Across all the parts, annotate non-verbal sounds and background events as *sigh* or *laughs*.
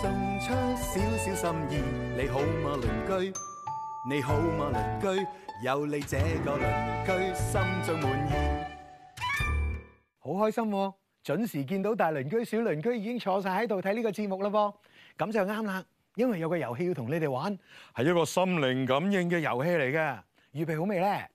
送出少少心意，你好嗎鄰居？你好嗎鄰居？有你這個鄰居，心中滿意，好開心喎！準時見到大鄰居、小鄰居已經坐晒喺度睇呢個節目啦噃，咁就啱啦，因為有個遊戲要同你哋玩，係一個心靈感應嘅遊戲嚟嘅。預備好未咧？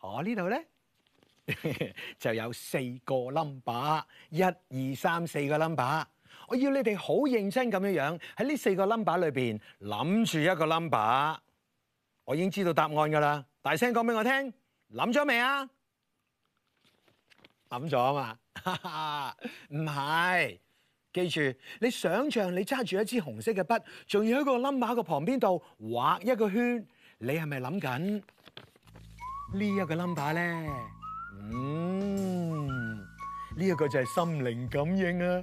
我呢度咧就有四個 number，一二三四個 number。我要你哋好認真咁樣樣喺呢四個 number 裏邊諗住一個 number，我已經知道答案㗎啦！大聲講俾我聽，諗咗未啊？諗咗啊嘛，哈哈，唔係，記住你想像你揸住一支紅色嘅筆，仲要喺個 number 個旁邊度畫一個圈，你係咪諗緊呢一個 number 咧？嗯，呢一個就係心靈感應啊！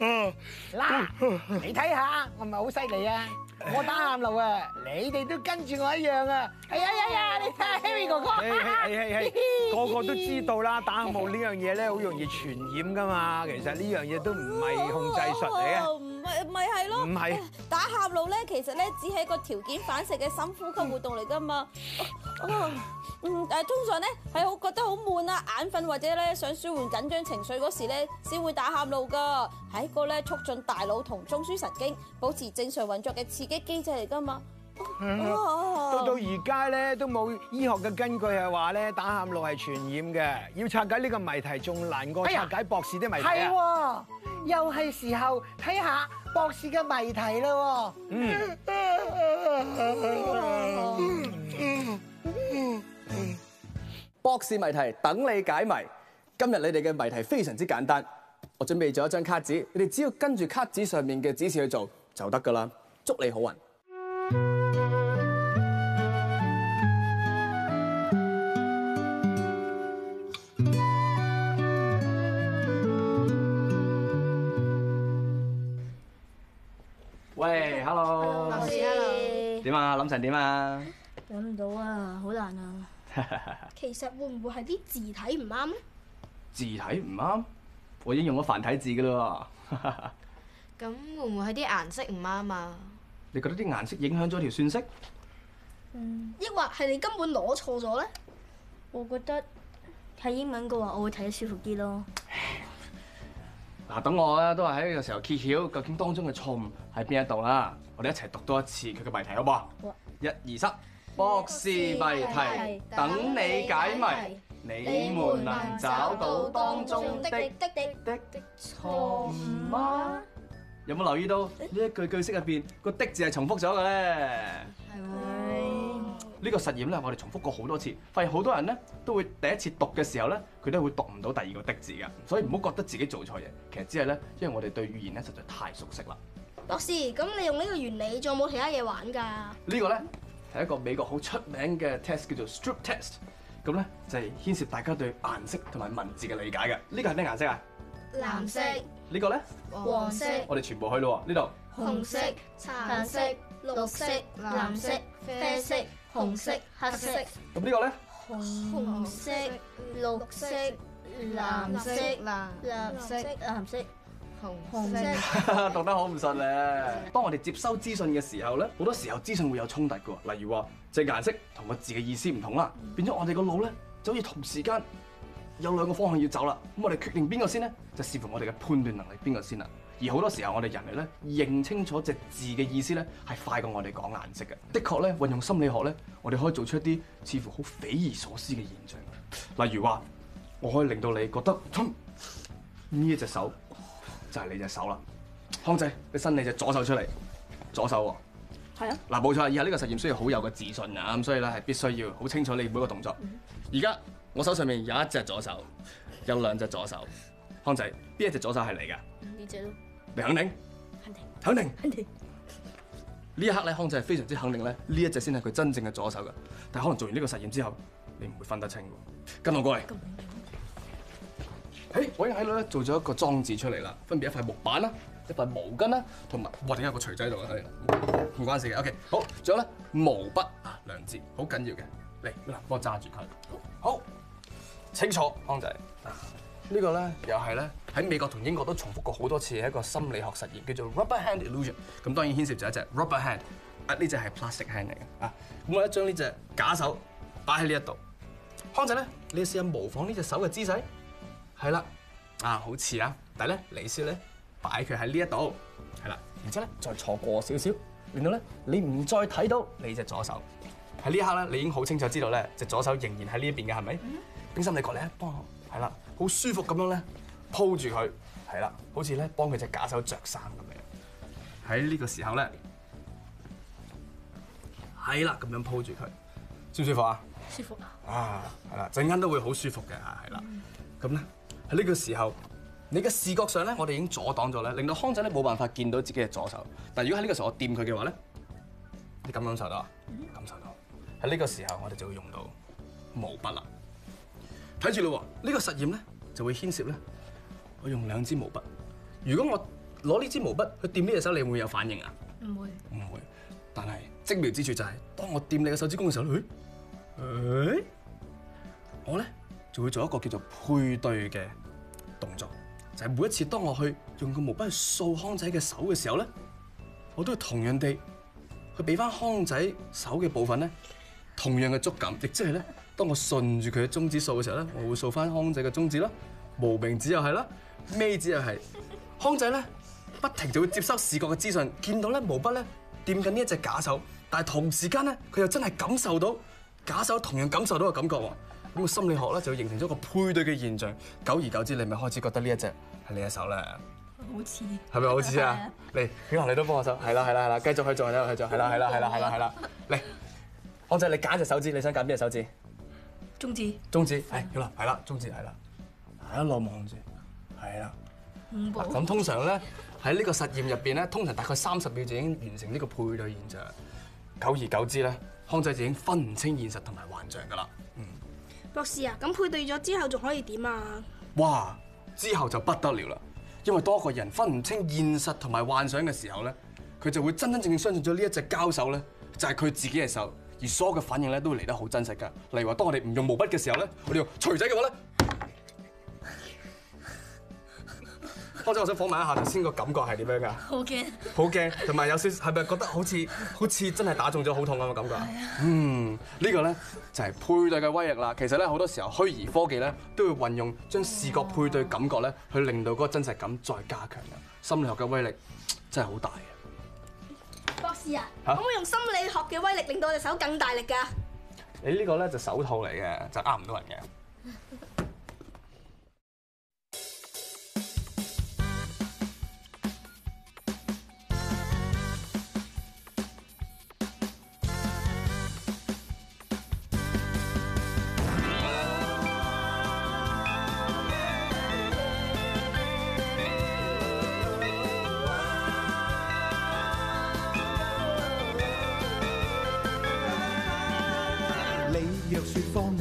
嗯，嗱、啊，你睇下我唔係好犀利啊！我打喊露啊，你哋都跟住我一樣啊！哎呀呀、哎、呀，你睇下，Harry 哥哥，係係係，個個都知道啦，打喊露呢樣嘢咧，好容易傳染噶嘛。其實呢樣嘢都唔係控制術嚟嘅。好好好好咪係咯，唔係打喊路咧，其實咧只係一個條件反射嘅深呼吸活動嚟噶嘛。嗯，啊啊、但通常咧係好覺得好悶啊，眼瞓或者咧想舒緩緊張情緒嗰時咧，先會打喊路噶。係一個咧促進大腦同中樞神經保持正常運作嘅刺激機制嚟噶嘛。嗯、到到而家咧，都冇醫學嘅根據係話咧，打喊路係傳染嘅，要拆解呢個謎題仲難過拆解博士啲謎題。係、哎哦，又係時候睇下博士嘅謎題啦、哦嗯嗯。嗯，嗯嗯博士謎題，等你解謎。今日你哋嘅謎題非常之簡單，我準備咗一張卡紙，你哋只要跟住卡紙上面嘅指示去做就得噶啦。祝你好運。hello，點啊？諗成點啊？揾唔到啊，好難啊。其實會唔會係啲字體唔啱？字體唔啱，我已經用咗繁體字㗎啦喎。咁會唔會係啲顏色唔啱啊？你覺得啲顏色影響咗條算式？嗯。抑或係你根本攞錯咗咧？我覺得睇英文嘅話，我會睇得舒服啲咯。 *laughs* 嗱，等我咧，都係喺呢個時候揭曉究竟當中嘅錯誤喺邊一度啦。我哋一齊讀多一次佢嘅謎題好唔好？一二三，博士謎題，等你解謎。你們能找到當中的的的錯誤嗎？有冇留意到呢一句句式入邊個的字係重複咗嘅咧？係呢個實驗咧，我哋重複過好多次，發現好多人咧都會第一次讀嘅時候咧，佢都會讀唔到第二個的字嘅，所以唔好覺得自己做錯嘢，其實只係咧，因為我哋對語言咧實在太熟悉啦。博士，咁你用呢個原理仲有冇其他嘢玩㗎？呢個咧係一個美國好出名嘅 test 叫做 strip test，咁咧就係牽涉大家對顏色同埋文字嘅理解嘅。呢個係咩顏色啊？藍色。呢個咧？黃色。我哋全部去咯喎，呢度。紅色、橙色、色、綠色、藍色、色、啡色、紅色、黑色。咁呢個咧？紅色、綠色、藍色、藍、色藍色、藍色、藍色、藍色、紅色。紅色 *laughs* 讀得好唔順咧。當我哋接收資訊嘅時候咧，好多時候資訊會有衝突嘅。例如話，隻、就是、顏色同個字嘅意思唔同啦，變咗我哋個腦咧就好似同時間有兩個方向要走啦。咁我哋決定邊個先咧，就視乎我哋嘅判斷能力邊個先啦。而好多時候，我哋人類咧認清楚隻字嘅意思咧，係快過我哋講顏色嘅。的確咧，運用心理學咧，我哋可以做出一啲似乎好匪夷所思嘅現象。例如話，我可以令到你覺得，呢一隻手就係你隻手啦。康仔，你伸你隻左手出嚟，左手喎？哦。係啊。嗱，冇錯，以下呢個實驗需要好有個自信啊，咁所以咧係必須要好清楚你每一個動作。而家，嗯、我手上面有一隻左手，有兩隻左手。康仔，邊一隻左手係你㗎？呢隻咯。你肯定，肯定，肯定，肯定。呢一刻咧，康仔係非常之肯定咧，呢一隻先係佢真正嘅左手噶但係可能做完呢個實驗之後，你唔會分得清。跟我過嚟，誒，hey, 我已經喺度咧做咗一個裝置出嚟啦，分別一塊木板啦，一塊毛巾啦，同埋，哇，仲有一個錘仔喺度啊，唔關事嘅。OK，好，仲有咧毛筆啊，梁志，好緊要嘅。嚟好，嗱坐，幫我揸住佢，好清楚，康仔。呢個咧又係咧喺美國同英國都重複過好多次嘅一個心理學實驗，叫做 Rubber Hand Illusion。咁當然牽涉咗一隻 Rubber Hand，呢隻係 Plastic Hand 嚟嘅。啊，咁我一將呢隻假手擺喺呢一度，康仔咧，你試下模仿呢隻手嘅姿勢，係啦，啊，好似啦。但係咧，你先咧擺佢喺呢一度，係啦，然之後咧再錯過少少，令到咧你唔再睇到你隻左手。喺呢一刻咧，你已經好清楚知道咧，隻左手仍然喺呢一邊嘅，係咪？嗯、冰心你過嚟幫我啦。好舒服咁樣咧，鋪住佢，係啦，好似咧幫佢隻假手着衫咁樣。喺呢個時候咧，係啦，咁樣鋪住佢，舒唔舒服啊？啊會會舒服啊！啊，係啦、嗯，陣間都會好舒服嘅，係啦。咁咧喺呢個時候，你嘅視覺上咧，我哋已經阻擋咗咧，令到康仔咧冇辦法見到自己嘅左手。但係如果喺呢個時候我掂佢嘅話咧，你感唔感受到啊？嗯、感受到。喺呢個時候我哋就會用到毛筆啦。睇住嘞喎，呢、呢個實驗咧。就會牽涉咧。我用兩支毛筆，如果我攞呢支毛筆去掂呢隻手，你會唔會有反應啊？唔會。唔會。但係精妙之處就係，當我掂你嘅手指公嘅時候，誒，我咧就會做一個叫做配對嘅動作，就係每一次當我去用個毛筆去掃康仔嘅手嘅時候咧，我都會同樣地去俾翻康仔手嘅部分咧，同樣嘅觸感，亦即係咧。當我順住佢嘅中指掃嘅時候咧，我會掃翻康仔嘅中指啦，無名指又係啦，尾指又係，康仔咧不停就會接收視覺嘅資訊，見到咧毛筆咧掂緊呢一隻假手，但係同時間咧佢又真係感受到假手同樣感受到嘅感覺喎，咁個心理學咧就會形成咗一個配對嘅現象，久而久之你咪開始覺得呢一隻係你嘅手咧。好似，係咪好似啊？嚟曉棠你都幫我手，係啦係啦係啦，繼續去做，繼續去做，係啦係啦係啦係啦係啦，嚟康仔你揀一隻手指，你想揀邊隻手指？中止，中止，係，係啦，係啦，中止，係啦，係一路望住，係啦。咁通常咧喺呢 *laughs* 個實驗入邊咧，通常大概三十秒就已經完成呢個配對現象。久而久之咧，康仔就已經分唔清現實同埋幻象噶啦。嗯。博士啊，咁配對咗之後仲可以點啊？哇！之後就不得了啦，因為多個人分唔清現實同埋幻想嘅時候咧，佢就會真真正正相信咗呢一隻膠手咧就係佢自己嘅手。而所有嘅反應咧，都會嚟得好真實㗎。例如話，當我哋唔用毛筆嘅時候咧，我哋用錘仔嘅話咧，當中 *laughs* 我想訪問一下頭先個感覺係點樣㗎？好驚，好驚，同埋有少係咪覺得好似好似真係打中咗，好痛噉嘅感覺。係啊。嗯，呢個咧就係配對嘅威力啦。其實咧好多時候虛擬科技咧都會運用將視覺配對感覺咧去令到嗰個真實感再加強嘅。心理學嘅威力真係好大。博士啊，可唔可以用心理學嘅威力令到我隻手更大力噶？你呢個呢個咧就是、手套嚟嘅，就呃唔到人嘅。 *laughs*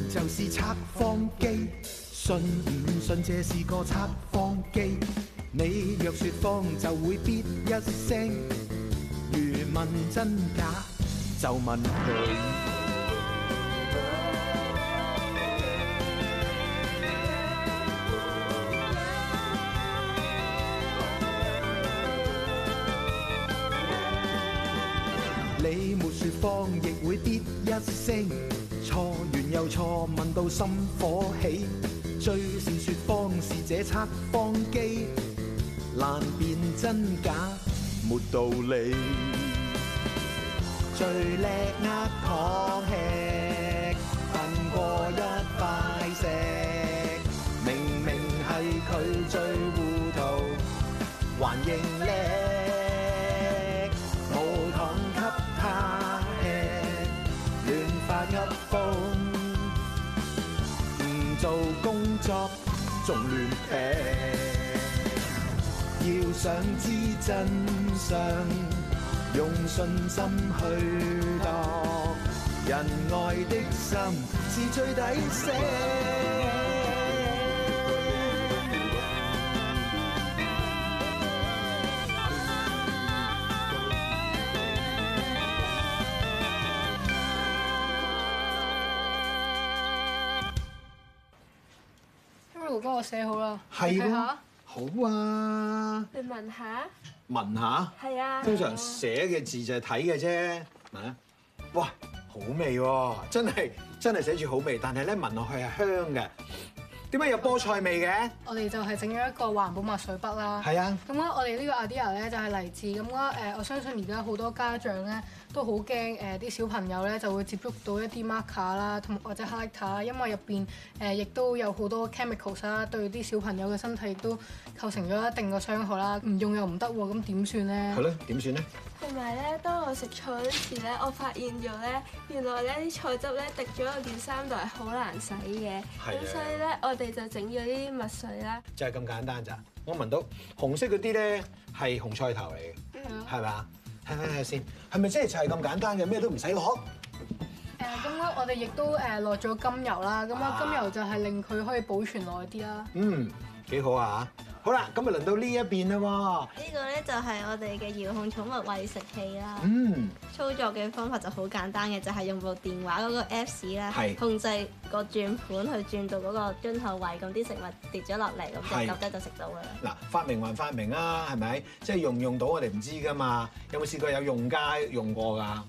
就是測謊機，信唔信這是個測謊機？你若說謊就會嗶一聲，如問真假就問佢。 *music* 你沒說謊亦會嗶一聲。錯，完又錯，問到心火起，最是說謊是這測謊機，難辨真假沒道理， *noise* 最叻呃糖吃，笨過一塊石，明明係佢最糊塗，還應。做工作仲亂劈，要想知真相，用信心去度人，愛的心是最抵錫。我寫好啦，係啊，好啊，你聞下，聞下，係啊，的通常寫嘅字就係睇嘅啫，聞，哇，好味喎，真係真係寫住好味，但係咧聞落去係香嘅。點解有菠菜味嘅？我哋就係整咗一個環保墨水筆啦。係啊。咁啊，我哋呢個 idea 呢就係嚟自咁啊誒，我相信而家好多家長咧都好驚誒啲小朋友咧就會接觸到一啲 marker 啦，同或者 highlighter 啦，因為入邊誒亦都有好多 chemicals 啦，對啲小朋友嘅身體亦都構成咗一定嘅傷害啦。唔用又唔得喎，咁點算咧？係咯，點算咧？同埋咧，當我食菜嗰時咧，我發現咗咧，原來咧啲菜汁咧滴咗落件衫度係好難洗嘅。係。咁所以咧，我哋就整咗啲墨水啦。就係咁簡單咋。我聞到紅色嗰啲咧係紅菜頭嚟嘅，係咪啊？睇睇睇先，係咪即係就係咁簡單嘅？咩都唔使落。誒、呃，咁我我哋亦都誒落咗甘油啦。咁啊，甘油就係令佢可以保存耐啲啦。嗯。幾好啊嚇！好啦，咁就輪到呢一邊啦喎。呢個咧就係我哋嘅遙控寵物餵食器啦。嗯。操作嘅方法就好簡單嘅，就係、是、用部電話嗰個 apps 啦，控制個轉盤去轉到嗰個樽口位，咁啲食物跌咗落嚟，咁就即刻就食到啦。嗱，發明還發明啊，係咪？即係用唔用到我哋唔知噶嘛。有冇試過有用家用過㗎？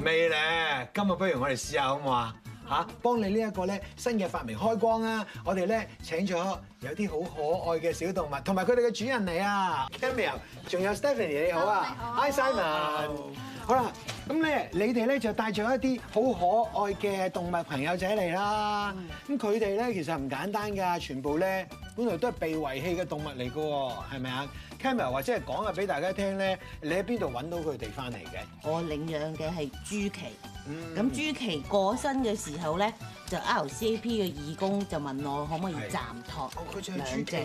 未未咧。今日不如我哋試下好唔好啊？嚇，幫你呢一個咧新嘅發明開光啊。我哋咧請咗有啲好可愛嘅小動物，同埋佢哋嘅主人嚟啊！Camille，仲有 Stephanie 你好啊好！Hi Simon。Hi. 好啦，咁咧你哋咧就帶咗一啲好可愛嘅動物朋友仔嚟啦。咁佢哋咧其實唔簡單㗎，全部咧本來都係被遺棄嘅動物嚟㗎喎，係咪啊？Camille 或者係講下俾大家聽咧，你喺邊度揾到佢哋翻嚟嘅？我領養嘅係豬奇。咁朱琦過身嘅時候咧，就 R C A P 嘅義工就問我可唔可以暫託兩隻，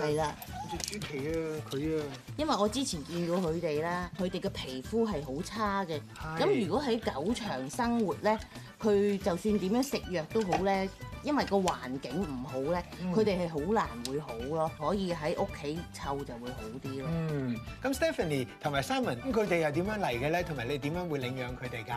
係啦，似朱琦啊佢啊，因為我之前見到佢哋咧，佢哋嘅皮膚係好差嘅。咁的如果喺狗場生活咧，佢就算點樣食藥都好咧，因為個環境唔好咧，佢哋係好難會好咯。可以喺屋企湊就會好啲咯。嗯，咁 Stephanie 同埋 Simon 佢哋又點樣嚟嘅咧？同埋你點樣會領養佢哋㗎？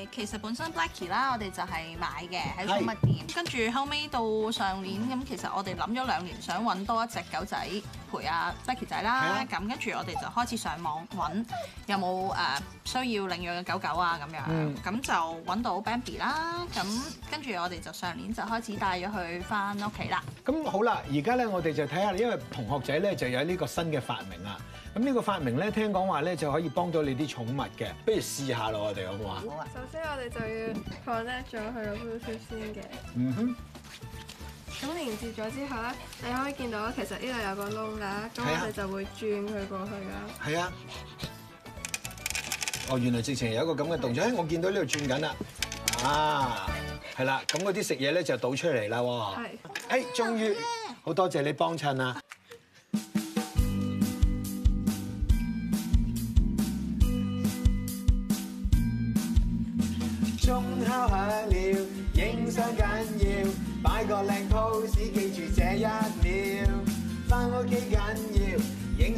其實本身 Blackie 啦，我哋就係買嘅喺寵物店，跟住是後尾到上年咁，其實我哋諗咗兩年，想揾多一隻狗仔陪阿 Blackie 仔啦，咁跟住我哋就開始上網揾有冇誒需要領養嘅狗狗啊咁樣，咁、嗯、就揾到 Bambi 啦，咁跟住我哋就上年就開始帶咗佢翻屋企啦。咁好啦，而家咧我哋就睇下，因為同學仔咧就有呢個新嘅發明啊，咁呢個發明咧聽講話咧就可以幫到你啲寵物嘅，不如試下咯，我哋好唔好啊？好啊。即係我哋就要放笠咗佢嗰本書先嘅。嗯哼。咁連接咗之後咧，你可以見到其實呢度有個窿㗎。係啊。咁我哋就會轉佢過去㗎。係啊。哦，原來直情有一個咁嘅動作。誒，我見到呢度轉緊啦。啊，係啦。咁嗰啲食嘢咧就倒出嚟啦。係。誒，終於好多謝你幫襯啊！